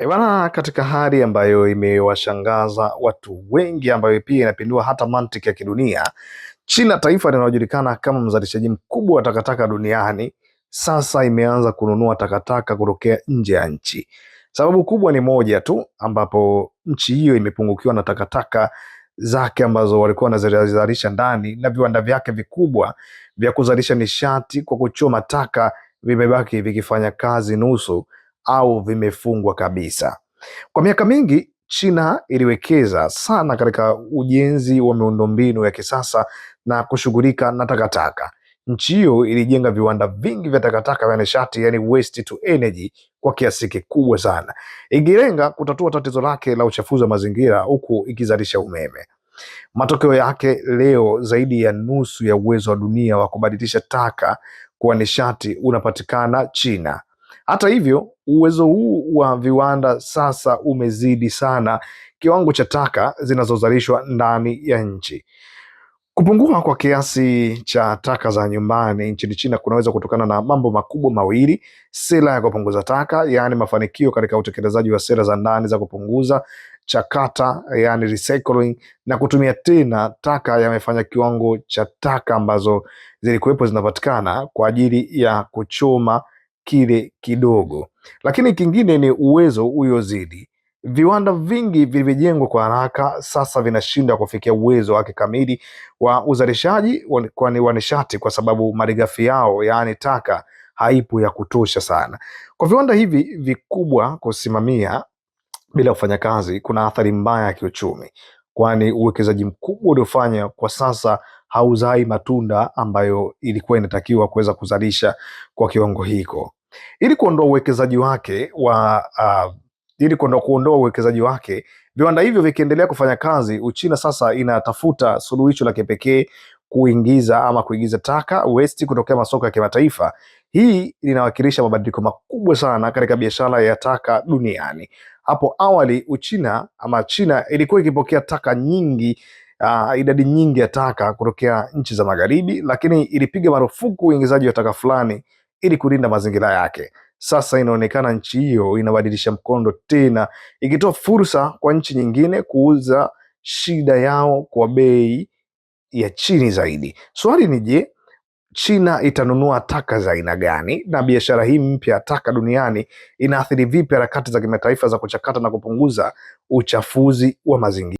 Eh, Bwana, katika hali ambayo imewashangaza watu wengi, ambayo pia inapindua hata mantiki ya kidunia, China, taifa linalojulikana kama mzalishaji mkubwa wa takataka duniani, sasa imeanza kununua takataka kutokea nje ya nchi. Sababu kubwa ni moja tu, ambapo nchi hiyo imepungukiwa na takataka zake ambazo walikuwa wanazizalisha ndani, na viwanda vyake vikubwa vya kuzalisha nishati kwa kuchoma taka vimebaki vikifanya kazi nusu au vimefungwa kabisa. Kwa miaka mingi China iliwekeza sana katika ujenzi wa miundombinu ya kisasa na kushughulika na takataka. Nchi hiyo ilijenga viwanda vingi vya takataka vya nishati, yani waste to energy, kwa kiasi kikubwa sana, ikilenga kutatua tatizo lake la uchafuzi wa mazingira huku ikizalisha umeme. Matokeo yake, leo zaidi ya nusu ya uwezo wa dunia wa kubadilisha taka kuwa nishati unapatikana China. Hata hivyo, uwezo huu wa viwanda sasa umezidi sana kiwango cha taka zinazozalishwa ndani ya nchi. Kupungua kwa kiasi cha taka za nyumbani nchini China kunaweza kutokana na mambo makubwa mawili: sera ya kupunguza taka, yaani mafanikio katika utekelezaji wa sera za ndani za kupunguza chakata, yaani recycling, na kutumia tena taka yamefanya kiwango cha taka ambazo zilikuwepo zinapatikana kwa ajili ya kuchoma kile kidogo. Lakini kingine ni uwezo uliozidi. Viwanda vingi vilivyojengwa kwa haraka sasa vinashindwa kufikia uwezo wake kamili wa uzalishaji wa nishati kwa sababu malighafi yao, yaani taka, haipo ya kutosha sana. Kwa viwanda hivi vikubwa kusimamia bila kufanya kazi kuna athari mbaya ya kiuchumi, kwani uwekezaji mkubwa uliofanya kwa sasa hauzai matunda ambayo ilikuwa inatakiwa kuweza kuzalisha kwa kiwango hiko ili kuondoa uwekezaji wake wa uh, ili kuondoa kuondoa uwekezaji wake. Viwanda hivyo vikiendelea kufanya kazi, Uchina sasa inatafuta suluhisho la kipekee kuingiza ama kuingiza taka westi kutokea masoko ya kimataifa. Hii inawakilisha mabadiliko makubwa sana katika biashara ya taka duniani. Hapo awali Uchina ama China ilikuwa ikipokea taka nyingi Uh, idadi nyingi ya taka kutokea nchi za magharibi, lakini ilipiga marufuku uingizaji wa taka fulani ili kulinda mazingira yake. Sasa inaonekana nchi hiyo inabadilisha mkondo tena, ikitoa fursa kwa nchi nyingine kuuza shida yao kwa bei ya chini zaidi. Swali ni je, China itanunua taka za aina gani, na biashara hii mpya ya taka duniani inaathiri vipi harakati za kimataifa za kuchakata na kupunguza uchafuzi wa mazingira?